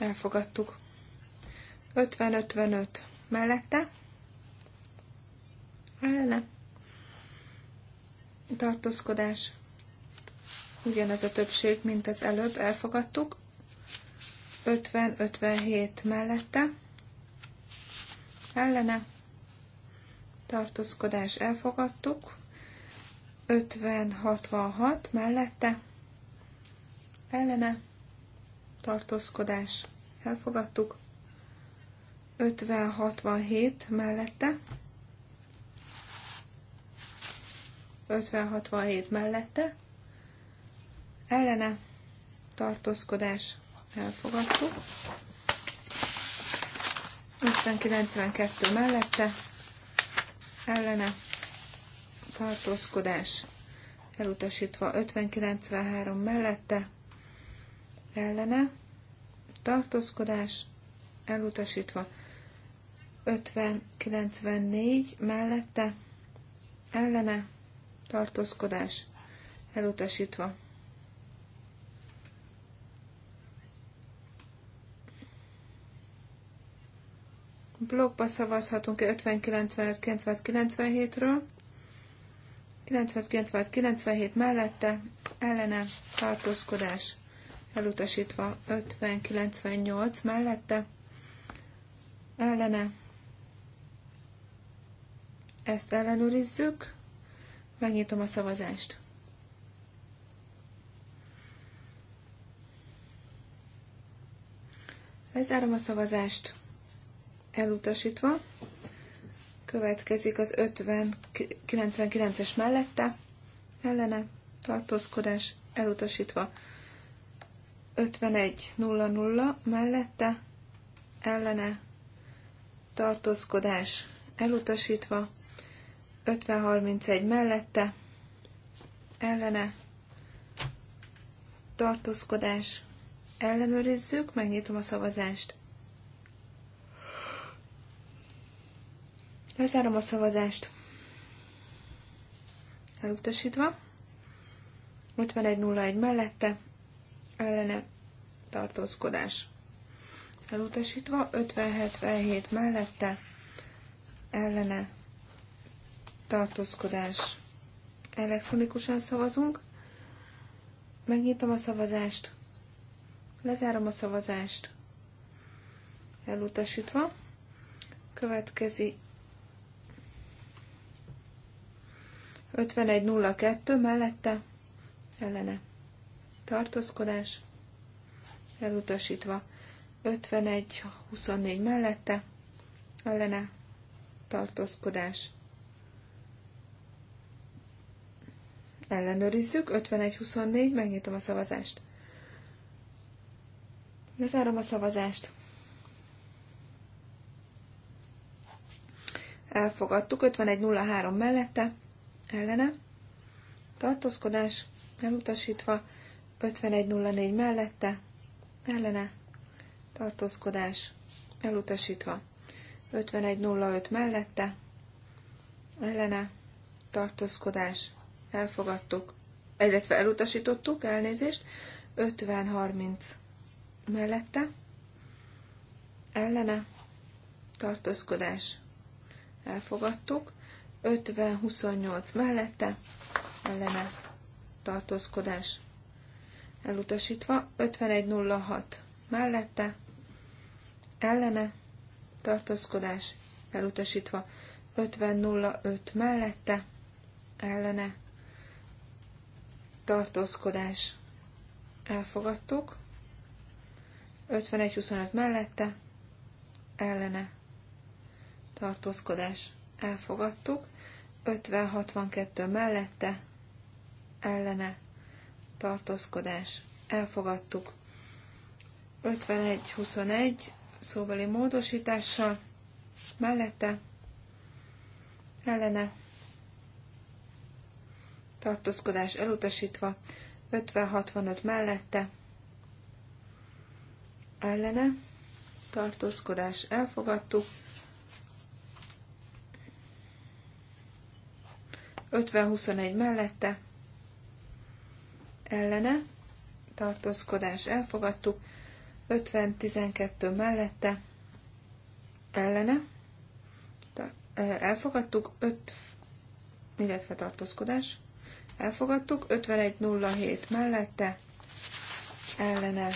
Elfogadtuk. 50-55 mellette. Elne. Tartózkodás. Ugyanez a többség, mint az előbb. Elfogadtuk. 50-57 mellette. Ellene. Tartózkodás. Elfogadtuk. 50-66 mellette. Ellene tartózkodás elfogadtuk. 50-67 mellette. 50-67 mellette. Ellene tartózkodás elfogadtuk. 50-92 mellette. Ellene tartózkodás elutasítva. 50-93 mellette ellene, tartózkodás elutasítva 50-94 mellette, ellene, tartózkodás elutasítva. Blogba szavazhatunk 50-90-97-ről. ről 90 97 mellette ellene tartózkodás elutasítva 50-98 mellette, ellene, ezt ellenőrizzük, megnyitom a szavazást. Lezárom a szavazást elutasítva. Következik az 50-99-es mellette, ellene, tartózkodás elutasítva. 51.00 mellette ellene tartózkodás elutasítva, 50.31 mellette ellene tartózkodás ellenőrizzük, megnyitom a szavazást. Lezárom a szavazást. Elutasítva. 51.01 mellette ellene tartózkodás elutasítva, 5077 mellette ellene tartózkodás elektronikusan szavazunk. Megnyitom a szavazást, lezárom a szavazást, elutasítva. Következi 51.02 mellette ellene tartózkodás elutasítva, 51-24 mellette, ellene tartózkodás. Ellenőrizzük, 51-24, megnyitom a szavazást. Lezárom a szavazást. Elfogadtuk, 51-03 mellette, ellene, tartózkodás, elutasítva, 5104 mellette, ellene, tartózkodás, elutasítva. 5105 mellette, ellene, tartózkodás, elfogadtuk, illetve elutasítottuk, elnézést, 5030 mellette, ellene, tartózkodás, elfogadtuk, 5028 mellette, ellene, tartózkodás, elutasítva, 5106 mellette, ellene, tartózkodás, elutasítva, 5005 mellette, ellene, tartózkodás, elfogadtuk, 5125 mellette, ellene, tartózkodás, elfogadtuk, 5062 mellette, ellene, tartózkodás, elfogadtuk. 51-21 szóbeli módosítással, mellette, ellene, tartózkodás elutasítva, 50-65 mellette, ellene, tartózkodás elfogadtuk, 50-21 mellette, ellene, tartózkodás elfogadtuk, 50-12 mellette, ellene, elfogadtuk, 5, illetve tartózkodás, elfogadtuk, 51-07 mellette, ellene,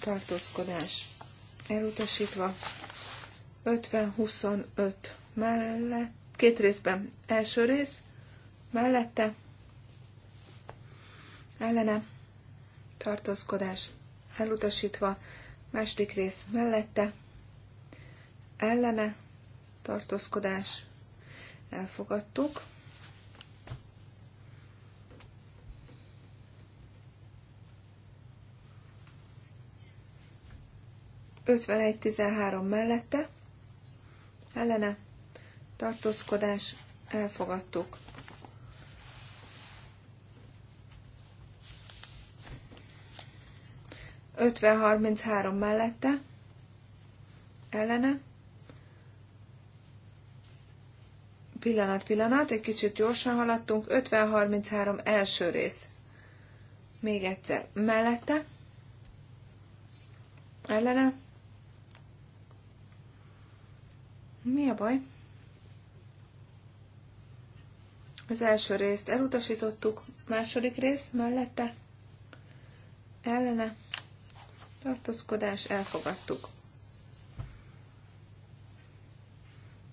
tartózkodás elutasítva, 50-25 mellett, két részben, első rész, mellette, ellene, tartózkodás elutasítva, második rész mellette, ellene, tartózkodás elfogadtuk. Ötvenegy tizenhárom mellette, ellene, tartózkodás elfogadtuk. 50-33 mellette, ellene. Pillanat, pillanat, egy kicsit gyorsan haladtunk. 50-33 első rész. Még egyszer. Mellette. Ellene. Mi a baj? Az első részt elutasítottuk. Második rész mellette. Ellene tartózkodás, elfogadtuk.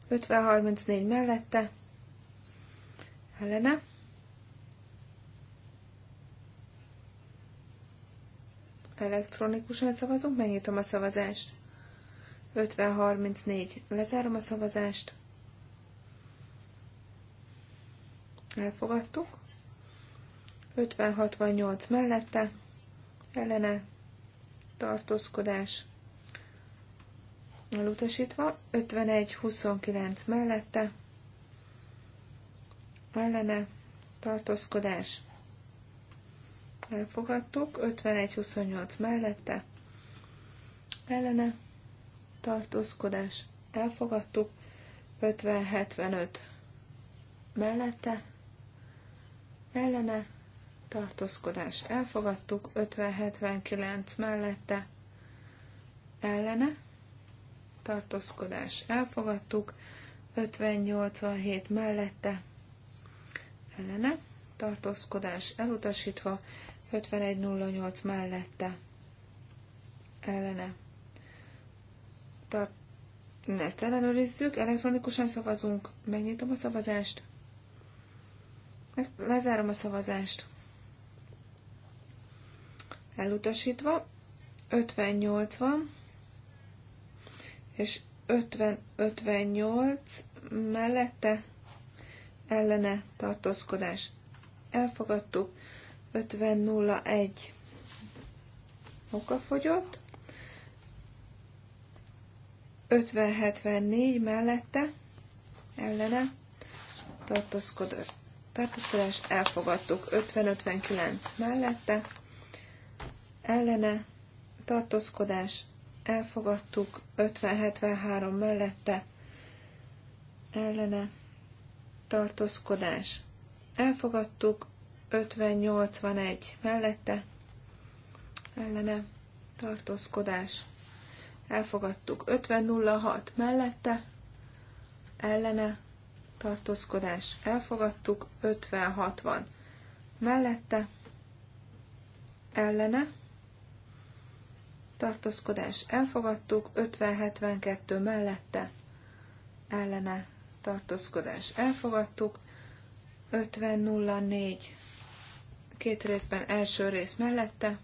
50-34 mellette, Helena. Elektronikusan szavazunk, megnyitom a szavazást. 50-34, lezárom a szavazást. Elfogadtuk. 50-68 mellette, Helena tartózkodás elutasítva, 51-29 mellette, ellene tartózkodás elfogadtuk, 51-28 mellette, ellene tartózkodás elfogadtuk, 50-75 mellette, ellene tartózkodás elfogadtuk, 50-79 mellette ellene, tartózkodás elfogadtuk, 50-87 mellette ellene, tartózkodás elutasítva, 51-08 mellette ellene. Tart, ezt ellenőrizzük, elektronikusan szavazunk, megnyitom a szavazást, lezárom a szavazást elutasítva, 58 van, és 50-58 mellette ellene tartózkodás. Elfogadtuk, 50-01 okafogyott, 50-74 mellette ellene tartózkodás elfogadtuk 50-59 mellette, ellene tartózkodás elfogadtuk 50-73 mellette ellene tartózkodás elfogadtuk 50-81 mellette ellene tartózkodás elfogadtuk 50-06 mellette ellene tartózkodás elfogadtuk 50-60 mellette ellene tartózkodás elfogadtuk, 50-72 mellette ellene tartózkodás elfogadtuk, 50-04 két részben első rész mellette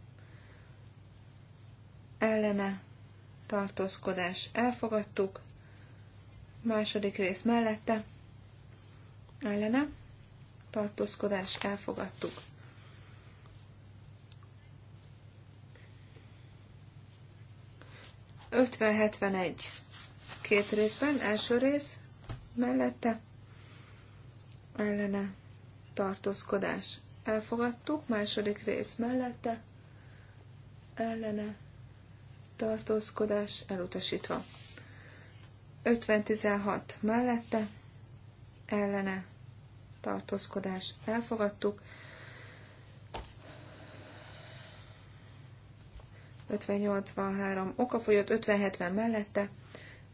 ellene tartózkodás elfogadtuk, második rész mellette ellene tartózkodás elfogadtuk. 50-71 két részben, első rész mellette ellene tartózkodás. Elfogadtuk, második rész mellette ellene tartózkodás elutasítva. 50-16 mellette ellene tartózkodás elfogadtuk, 50-83 okafogyott, 50-70 mellette,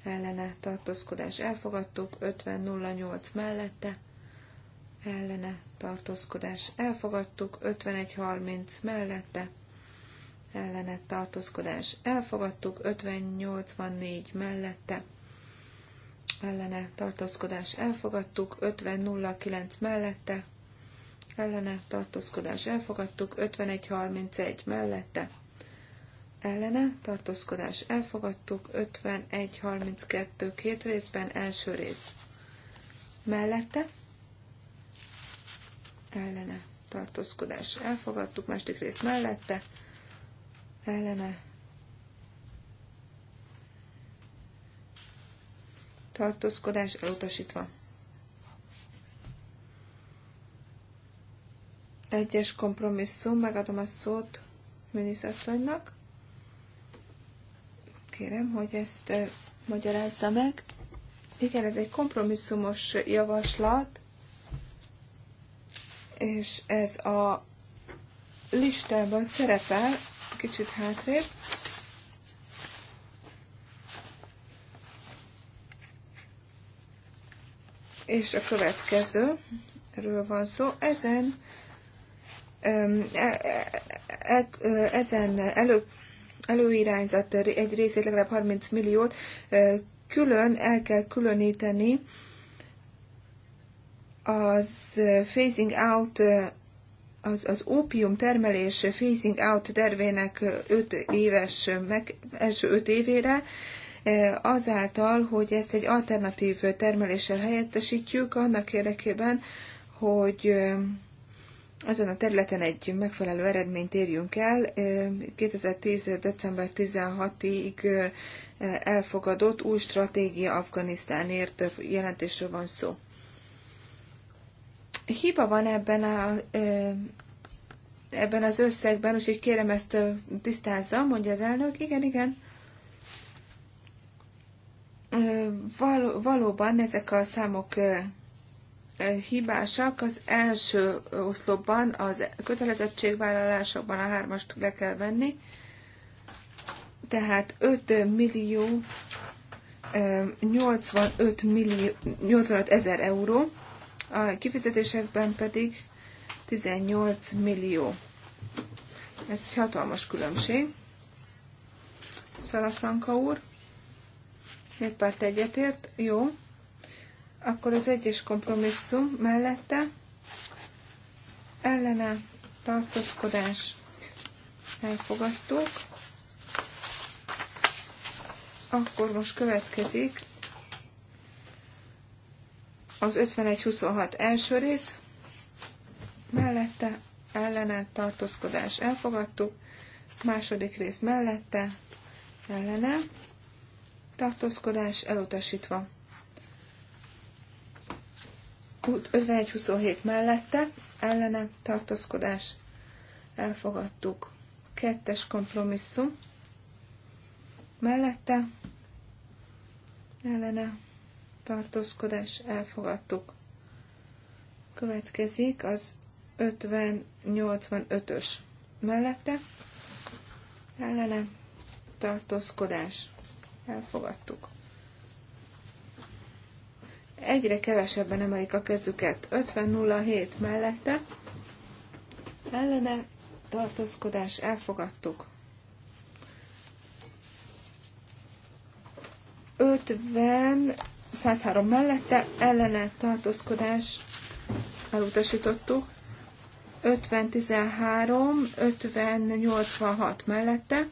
ellene tartózkodás elfogadtuk, 50-08 mellette, ellene tartózkodás elfogadtuk, 51-30 mellette, ellene tartózkodás elfogadtuk, 50-84 mellette, ellene tartózkodás elfogadtuk, 50-09 mellette, ellene tartózkodás elfogadtuk, 51-31 mellette, ellene tartózkodás elfogadtuk, 51-32 két részben első rész mellette ellene tartózkodás elfogadtuk, második rész mellette ellene tartózkodás elutasítva. Egyes kompromisszum, megadom a szót minisztasszonynak kérem, hogy ezt magyarázza meg. Igen, ez egy kompromisszumos javaslat, és ez a listában szerepel, kicsit hátrébb. És a következőről van szó. Ezen e, e, e, ezen elő előirányzat egy részét, legalább 30 milliót külön el kell különíteni az phasing out az, az ópium termelés phasing out tervének 5 éves, meg, első 5 évére, azáltal, hogy ezt egy alternatív termeléssel helyettesítjük, annak érdekében, hogy ezen a területen egy megfelelő eredményt érjünk el. 2010. december 16-ig elfogadott új stratégia Afganisztánért jelentésről van szó. Hiba van ebben a ebben az összegben, úgyhogy kérem ezt tisztázza, mondja az elnök. Igen, igen. Val- valóban ezek a számok hibásak. Az első oszlopban, az kötelezettségvállalásokban a hármast le kell venni, tehát 5 millió 85, millió, 85 ezer euró, a kifizetésekben pedig 18 millió. Ez egy hatalmas különbség. Szalafranka úr, néppárt egyetért, jó. Akkor az egyes kompromisszum mellette ellene tartózkodás elfogadtuk. Akkor most következik az 51-26 első rész, mellette ellene tartózkodás elfogadtuk, második rész mellette ellene tartózkodás elutasítva. 51-27 mellette, ellene tartózkodás elfogadtuk. Kettes kompromisszum mellette, ellene tartózkodás elfogadtuk. Következik az 50-85-ös mellette, ellene tartózkodás elfogadtuk egyre kevesebben emelik a kezüket. 50-07 mellette ellene tartózkodás elfogadtuk. 50 103 mellette ellene tartózkodás elutasítottuk. 50-13, 50-86 mellette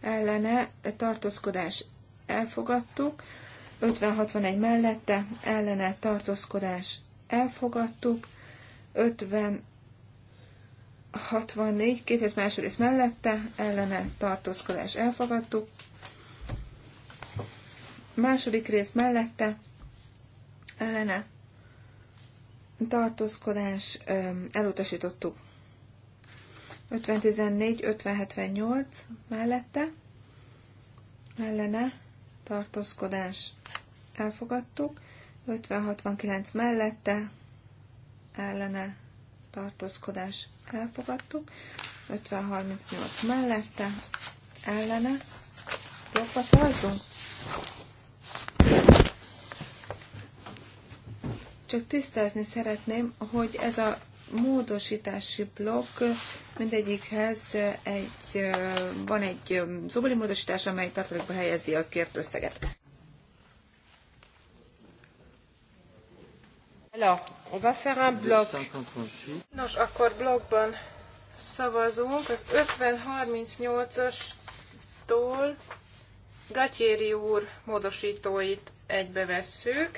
ellene tartózkodás elfogadtuk. 50-61 mellette ellene tartózkodás elfogadtuk, 50 64, két első rész mellette, ellene tartózkodás elfogadtuk. Második rész mellette, ellene tartózkodás elutasítottuk. 50-14, 50-78 mellette, ellene tartózkodás elfogadtuk, 50-69 mellette ellene tartózkodás elfogadtuk, 50-38 mellette ellene blokkba szavazzunk. Csak tisztázni szeretném, hogy ez a módosítási blokk mindegyikhez egy, van egy szóbeli módosítás, amely tartalékba helyezi a kért összeget. Alors, on va faire un bloc. Nos, akkor blokkban szavazunk az 5038 tól astól Gatyéri úr módosítóit egybe vesszük,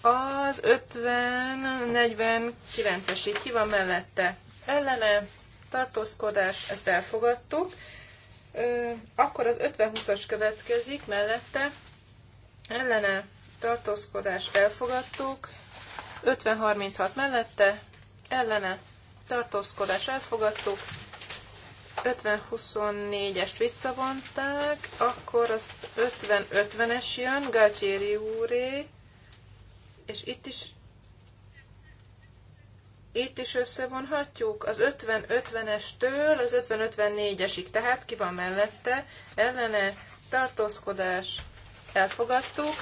az 50-49-es így ki van mellette. Ellene tartózkodás, ezt elfogadtuk. Akkor az 50-20-as következik mellette. Ellene tartózkodás, elfogadtuk. 50-36 mellette. Ellene tartózkodás, elfogadtuk. 50-24-est visszavonták, akkor az 50-50-es jön, Gatieri úrét és itt is itt is összevonhatjuk az 50-50-estől az 50-54-esig, tehát ki van mellette, ellene, tartózkodás, elfogadtuk,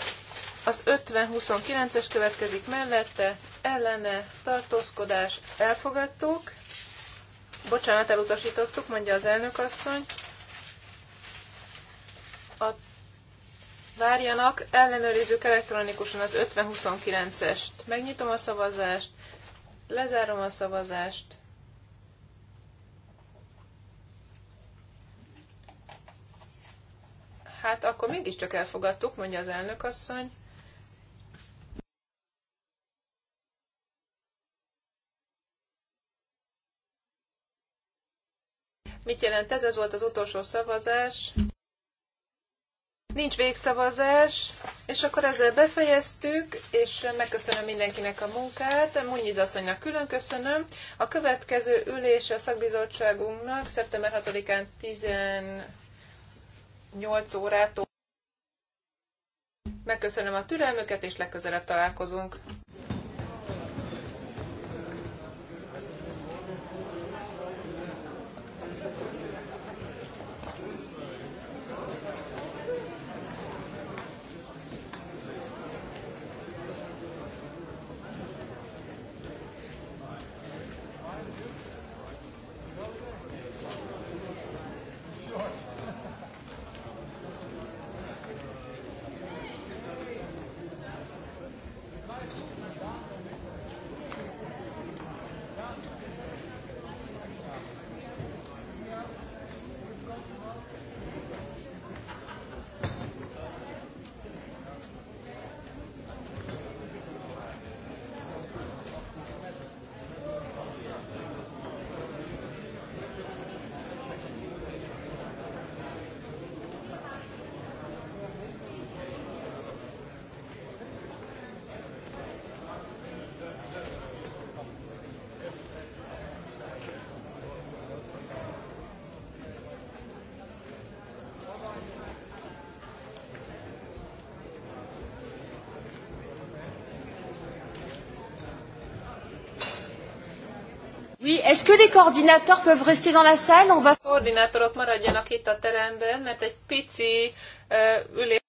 az 50-29-es következik mellette, ellene, tartózkodás, elfogadtuk, bocsánat, elutasítottuk, mondja az elnök asszony, a Várjanak, ellenőrizzük elektronikusan az 5029-est. Megnyitom a szavazást, lezárom a szavazást. Hát akkor mégiscsak elfogadtuk, mondja az elnök asszony. Mit jelent ez? Ez volt az utolsó szavazás. Nincs végszavazás, és akkor ezzel befejeztük, és megköszönöm mindenkinek a munkát. Múnyi asszonynak külön köszönöm. A következő ülés a szakbizottságunknak szeptember 6-án 18 órától. Megköszönöm a türelmüket, és legközelebb találkozunk. Oui, est-ce que les coordinateurs peuvent rester dans la salle? On va... Koordinátorok maradjanak itt a teremben, mert egy pici uh, ülés